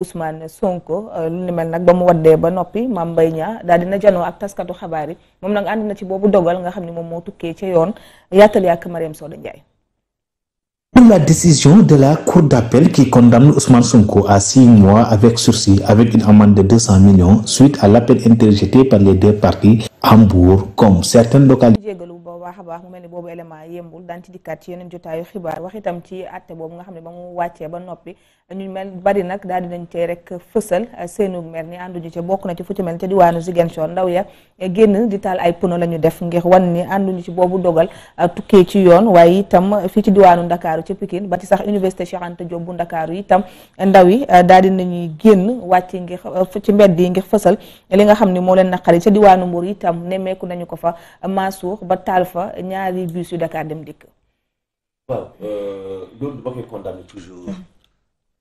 Ousmane Sonko euh, lu ni mel nag ba mu waddee ba noppi Mame Mbaye Niang daal dina janoo ak taskatu xabaar yi moom nag ànd na ci boobu dogal nga xam ne moom moo tukkee ca yoon yaatali ak Mariam Soda Ndiaye Pour la décision de la cour d'appel qui condamne Ousmane Sonko à six mois avec sursis avec une amende de 200 millions suite à l'appel interjeté par les deux parties Hambourg comme certaines localités. jégalu bu baax mu mel ni boobu élément yembul daan ci dikkaat ci yeneen jotaayu xibaar wax itam ci àtte boobu nga xam ne ba mu wàccee ba noppi ñu mel bari nag daal dinañ cey rek fësal uh, seenu mer ni ànduñu ci bokk na ci fu ci mel ca diwaanu Ziguinchor ndaw ya uh, génn di taal ay puno la ñu def ngir wan ni ànduñu ci boobu dogal uh, tukkee ci yoon waaye itam fii ci diwaanu Ndakaaru ca Pikine ba ci sax université Cheikh Anta Diop bu Ndakaaru itam ndaw yi daal dinañuy génn wàcc ngir ci mbedd yi ngir fësal li nga xam ne moo leen naqari ca diwaanu Mbour itam nemmeeku nañu ko fa Mansour ba taal fa ñaari bus yu dem dikk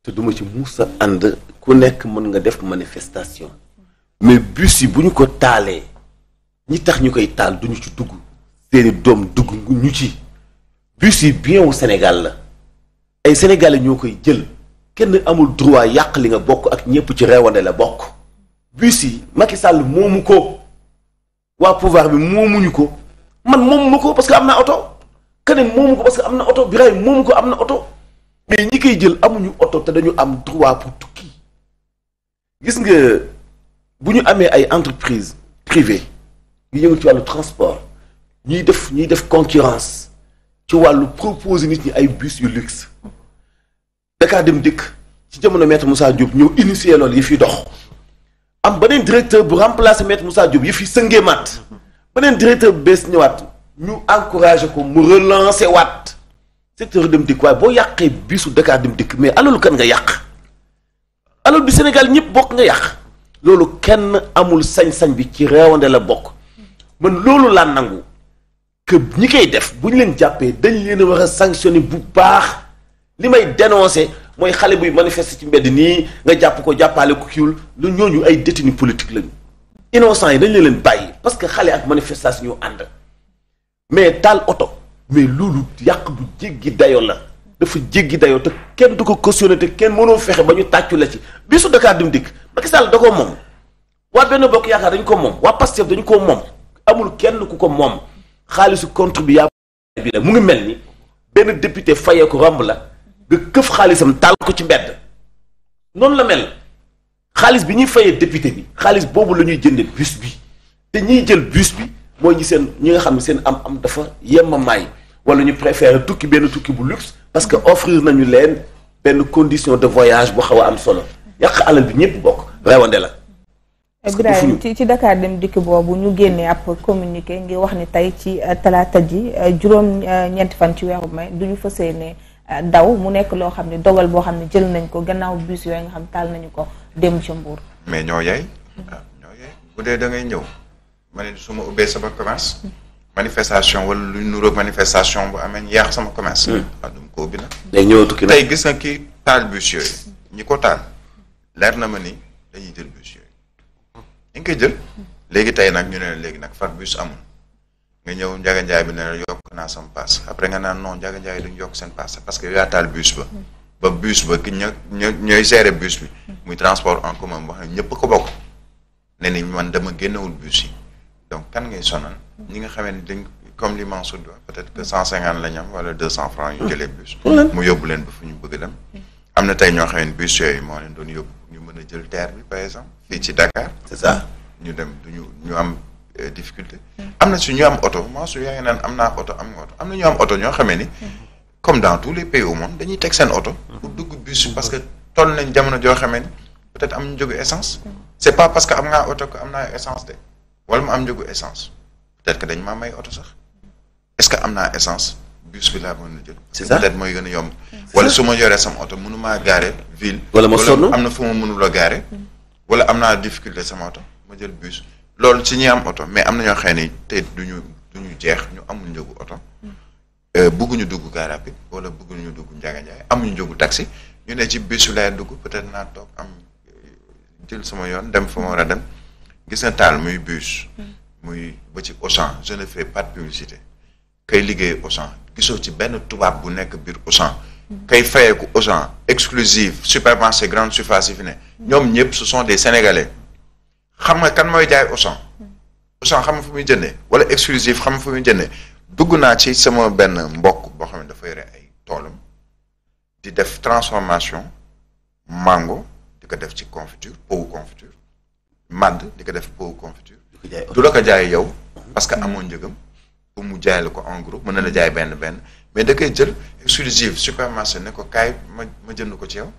te duma ci muusa ànd ku nekk mën nga def manifestation mais bus yi bu ñu ko taalee ñi tax ñu koy taal duñu ci dugg seeni doom dugg ngu ñu ci bus yi bien wu Sénégal la ay sénégalais ñoo koy jël kenn amul droit yàq li nga bokk ak ñëpp ci reewande la bokk bus yi Macky Sall moomu ko waa pouvoir bi moomuñu ko man moom ma ko parce que am na oto keneen moomu ko parce que am na oto Birahim moomu ko am na oto mais ñi koy jël amuñu oto te dañu am droit pour tukki gis nga bu ñu amee ay entreprise privée yu yëngu ci wàllu transport ñuy def ñuy def concurrence ci wàllu proposer nit ñi ay bus yu luxe Dakar dem dikk ci jamono maître Moussa Diop ñëw initier loolu yi fiy dox am beneen directeur bu remplacer maître Moussa Diop yi fi sëngee maat beneen directeur bu bees ñëwaat ñu encouragé ko mu relancer waat secteur dem dikk waaye boo yàqee biisu Dakar dem dikk mais alalu kan nga yàq alal bi Sénégal ñëpp bokk nga yàq loolu kenn amul sañ-sañ bi ci réewande la bokk man loolu laa nangu que ñi koy def bu ñu leen jàppee dañ leen a war a sanctionner bu baax li may dénoncer mooy xale buy manifester ci mbedd nii nga jàpp ko jàppaale ko kiiwul lu ñooñu ay détenus politique lañu innocent yi dañ leen leen bàyyi parce que xale ak manifestation ñu ànd mais taal oto. mais loolu yàq bu jéggi dayo la dafa jéggi dayoo te kenn du ko cautionné te kenn mënoo fexe ba ñu tàccu la ci bisu Dakar Dem Dikk Macky Sall da ko moom waa benn bokk yaakaar dañu ko moom waa Pastef dañu ko moom amul kenn ku ko moom xaalisu contribuable bi la mu ngi mel ni benn député fayee ko ràmb la nga këf xaalisam taal ko ci mbedd noonu la mel xaalis bi ñuy fayee député bi xaalis boobu la ñuy jëndee bus bi te ñiy jël bus bi mooy ñi seen ñi nga xam ne seen am-am dafa yemamaay wala ñu préférer tukki benn tukki bu luxe parce que offrir nañu leen benn condition de voyage bu xaw a am solo yàq alal bi ñëpp bokk rewande la. Birahim ci ci Dakar dem dikk boobu ñu génnee ab communiqué ngir wax ni tey ci euh, talaata ji euh, juróom euh, ñeenti fan ci weeru may du ñu fas yéene daw mu nekk loo xam ne dogal boo xam ne jël nañ ko gannaaw bus yooyu nga xam taal nañu ko dem ci Mbour. mais ñoo yaay. Ah, ñoo yaay bu dee da ngay ma ne su ma ubbee sama commerce. manifestation wala lu nuroo manifestation bu amee yaax sama commence waaw hmm. ah, du ma ko ubbi nag. day ñëw tukki tey gis nga kii taal bus yooyu ñi ko taal leer na ma ni dañuy jël bus yooyu dañ koy jël. léegi tey nag ñu ne léegi nag far bus amul nga ñëw Ndiaga Ndiaye bi ne la yokk naa sama paas après nga naan non Ndiaga Ndiaye duñ yokk seen paas parce que yow yaa taal bus ba. ba ba ki ña ña ñooy gérer bus bi. muy transport en commun ñëpp ko bokk ne ni man dama génnewul bus donc kan ngay sonal ñi nga xamee ne dañ comme li Mansour di wax peut-être que cent cinquante la ñu am na tey ñoo xamee ne bus yooyu moo doon yóbbu ñu a jël terre bi par exemple fii ci Dakar c'est ça ñu ñu am euh, difficulté na su ñu am oto Mansour yaa ngi naan am naa oto am nga am na ñu am oto ñoo xamee ni comme dans tous les pays dañuy teg seen oto pour dugg bus parce que toll nañ jamono joo xamee ni peut-être am ñu jóge essence c'est pas parce que am ngaa oto que am naa essence de wala mu am njëgu essence peut-être que dañ maa may oto sax est-ce que am naa essence bus bi laa la jël. c'est ça mooy gën a yomb. wala su ma yoree sama oto mënu maa gaare ville. wala ma sonn am na fu ma mënul a wala am naa difficulté sama oto ma jël bus. loolu ci ñi am oto mais am na ñoo xam ne tey du ñu du jeex ñu amul njëgu oto. Euh, bëgguñu duggu car rapide wala ñu dugg Ndiaga Ndiaye amuñu njëgu taxi ñu ne ci bisu laay dugg peut-être naa toog am jël sama yoon dem fa ma war a dem. gis na taal muy bus. muy ba ci Auchan je ne fais pas publicité. kay liggéey Auchan gisoo ci benn tubaab bu nekk biir Auchan. kay fayeeku Auchan exclusive supermarché grande surface yi fi ne. ñoom ñëpp ce sont des sénégalais. xam nga kan mooy jaay Auchan. Auchan xam nga fu muy jënde wala exclusive xam nga fu muy jëndee dugg naa ci sama benn mbokk boo xam ne dafa yore ay toolam di def transformation mango di ko def ci confiture powu confiture. madd di ko def pot confiture du la ko jaay yow parce que amoon njëgam pour mu jaay la ko en groupe mën na la jaay benn benn mais da koy jël exclusive supermarché ne ko kaay ma ma jënd ko ci yow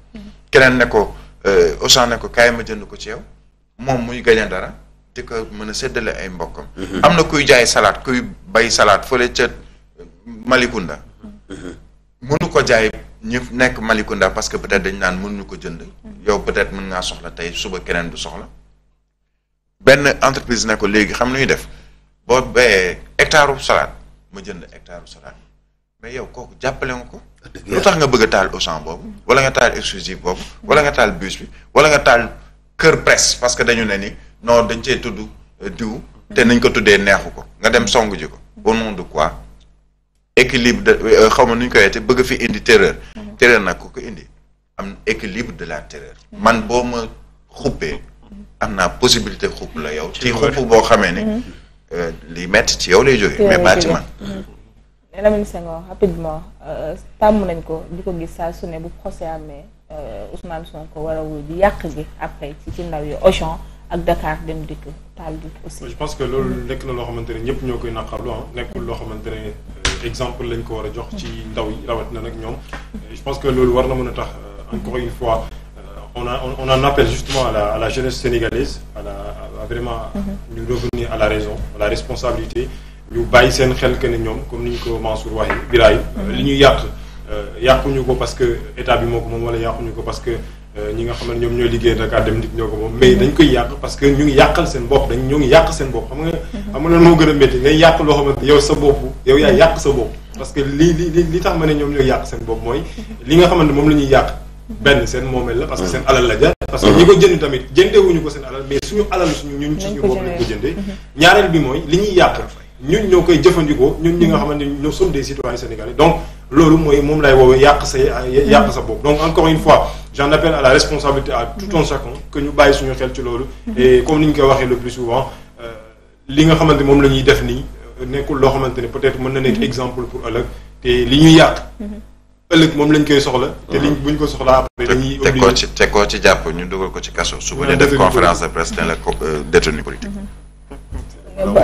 keneen ne ko euh, Auchan ne ko kaay ma jënd ko ci moom muy gañe dara di ko mën a séddale ay mbokkam mhm. am na kuy jaay salaat kuy bay salaat salade fële ca euh, Malikunda mhm. mënu ko jaay ñu nekk Malikunda parce que peut-être dañ naan mënuñu ko jënd mhm. yow peut mën ngaa soxla tey suba keneen du soxla benn entreprise ne ko léegi xam nu ñuy def boo bayee hectare u salaat ma jënd hectare u salaat mais yow kooku jàppale nga ko lu tax nga bëgg a taal Auchan boobu wala nga taal exclusive boobu wala nga taal bus bi wala nga taal kër presse parce que dañu ne ni non dañ cee tudd euh, diw te nañ ko tuddee neexu ko nga dem song ji ko au nom de quoi équilibre de euh, xaw ma nu ñu koy te bëgg fi indi terreur mm-hmm. terreur nag ku ko indi am équilibre de la terreur mm-hmm. man boo ma xuppee am naa possibilité xupp la yow ci xupp boo xamee ne mm-hmm. euh, li metti ci yow lay jógee mais pas ci man mm-hmm. euh, tàmm nañ ko di ko gis saa su ne bu procès amee euh, Ousmane Sonko war a wuy di yàq gi après ci ci ndaw yi Auchan ak Dakar dem dikk taal gi aussi je pense que loolu lekk na loo xamante ne ñëpp ñoo koy naqarlu ah nekkul loo xamante ne exemple lañ ko war a jox ci ndaw yi rawat na nag ñoom je pense que loolu war na mën a tax encore une fois on, a, on, on en appelle justement à la, à jeunesse sénégalaise, à, la, vraiment mhm. ñu revenir à la raison, à la responsabilité ñu bàyyi seen xel que ñoom comme ni ñu ko Mansour waxee Biraye mhm. li ñu yàq euh, yàquñu ko parce que état bi moo ko moom wala yàquñu ko parce que euh, ñi nga xam ne ñoom ñooy liggéey Dakar dem nit ñoo ko moom mais mhm. dañ koy yàq parce que ñu ngi yàqal seen bopp dañ ñoo ngi yàq seen bopp xam nga xam nga loolu moo gën a métti ngay yàq loo xamante yow sa bopp yow sa bopp parce que li li li tax ma ne ñoom yàq seen bopp mooy li nga xamante moom la ñuy yàq benn seen moomeel la parce que seen mm. alal la jar parce que mm. ñi ko jënd tamit jëndewuñu ko seen alal mais suñu alal suñu ñun suñu ko jëndee mm-hmm. ñaareel bi mooy li ñuy yàq ñun ñoo koy jëfandikoo ñun ñi nga xamante ni nous sommes des citoyens sénégalais donc loolu mooy moom lay woowee yàq sa yàq sa bopp donc encore une fois j'en appelle à la responsabilité à tout un mm-hmm. chacun que ñu bàyyi suñu xel ci loolu mm-hmm. et comme ni ñu koy waxee le plus souvent euh, li nga xamante moom la ñuy def euh, nekkul loo xamante ne peut-être mën na nekk exemple pour ëllëg te li ñuy yàq ëllëg moom lañ koy soxla. te mhm. liñ ko soxlaa ci jàpp ñu dugal ko ci kaso. suba ñu def conférence de euh, mhm.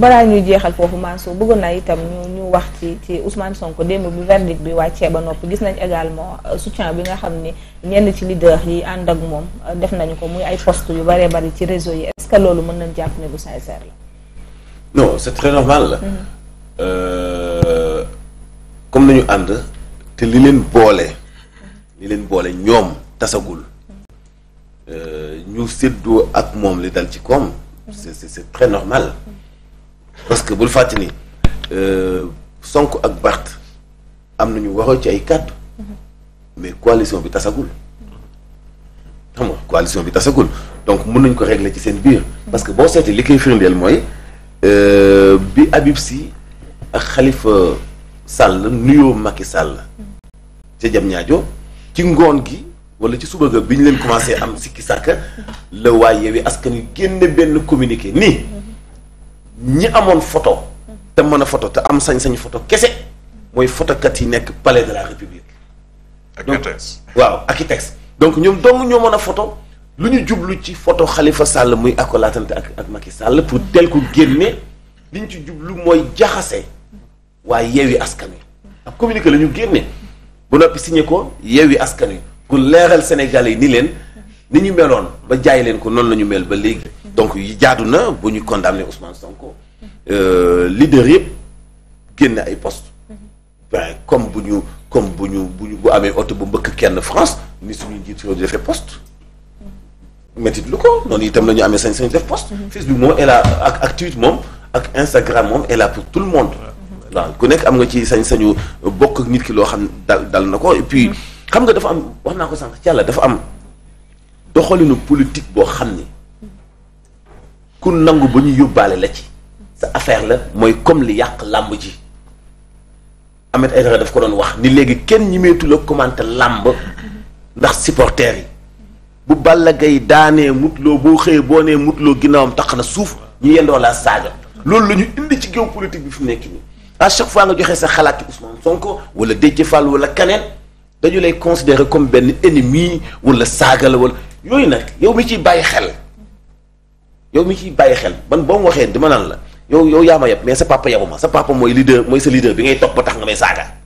balaa ñuy jeexal foofu Mansour bëggoon naa itam ñu wax ci ci Ousmane Sonko démb bi verdict bi wàccee ba noppi gis nañ également euh, soutien bi nga xam ni ñenn ci leader yi ànd ak moom euh, def nañu ko muy ay poste yu bëree bëri ci réseau yi est-ce que loolu mën nañ jàpp ne bu sincère la. non c'est mhm. comme nañu ànd. te li leen boole li leen boole ñoom tasagul euh, ñu séddoo ak moom li dal ci koom c'est c'est très normal parce que bul fàtte ni euh, sonk ak Barth am ñu waroo ci ay kàddu mais coalition bi tasagul xam nga coalition bi tasagul donc mën nañ ko régler ci seen biir parce que boo seetee li koy firndeel mooy euh, bi Habib Sy ak xalifa Sall nuyoo Macky Sall. ca jam ñaajo ci ngoon gi wala ci suba ga bi ñu leen commencé am sikki sàkka la waaye Yewwi Askan Wi génne benn communiqué nii ñi amoon photo te mën a photo te am sañ-sañ photo kese mooy fotokat yi nekk palais de la république. donc waaw architecte donc ñoom dong ñoo mën a photo lu ñu jublu ci photo xalifa Sall muy accolatante ak ak Macky Sall pour tel ko génne li ñu ci jublu mooy jaxase. waaye yi Askan Wi ab communiquer la ñu génne bu noppi signé ko yi Askan Wi pour leeral Sénégalais yi ni leen ni ñu meloon ba jaay leen ko noonu la ñu mel ba léegi. donc jaadu na bu ñu condamné Ousmane Sonko. Euh, leader yëpp génne ay poste waaye comme bu ñu comme bu ñu bu ñu bu amee oto bu mbëkk kenn France ni suñu njiit yoo defee poste. métit lu ko noonu itam la ñu amee sañ-sañ def poste. Mm-hmm. Facebook moom est là ak ak moom ak Instagram moom est pour tout le monde. waaw ku nekk am nga ci sañ-sañu bokk ak nit ki loo xam dal dal na ko et puis mm-hmm. xam nga dafa am wax naa ko sànq ci yàlla dafa am doxalinu politique boo xam ni ku nangu ba ñu yóbbaale la ci sa affaire la mooy comme li yàq làmb ji Ahmed Aïdara daf ko doon wax ni léegi kenn ñimeetu la commenter làmb ndax supporters yi bu Balla Gaye daanee mutloo boo xëyee boo nee mutloo ginnaawam tax na suuf ñu yendoo laa saaga loolu la ñu indi ci géopolitique bi fi mu nekk nii a chaque fois nga joxe sa xalaat ci Ousmane Sonko wala Déthié Fall wala keneen dañu lay considérer comme benn ennemi wala saaga la wala yooyu nag yow mi ciy bàyyi xel yaw mi ciy bàyyi xel man boom waxee waxee ma naan la yow yow yaa ma yab mais sa papa yabu ma sa papa mooy leader mooy sa leader bi ngay topp ba tax nga may saaga.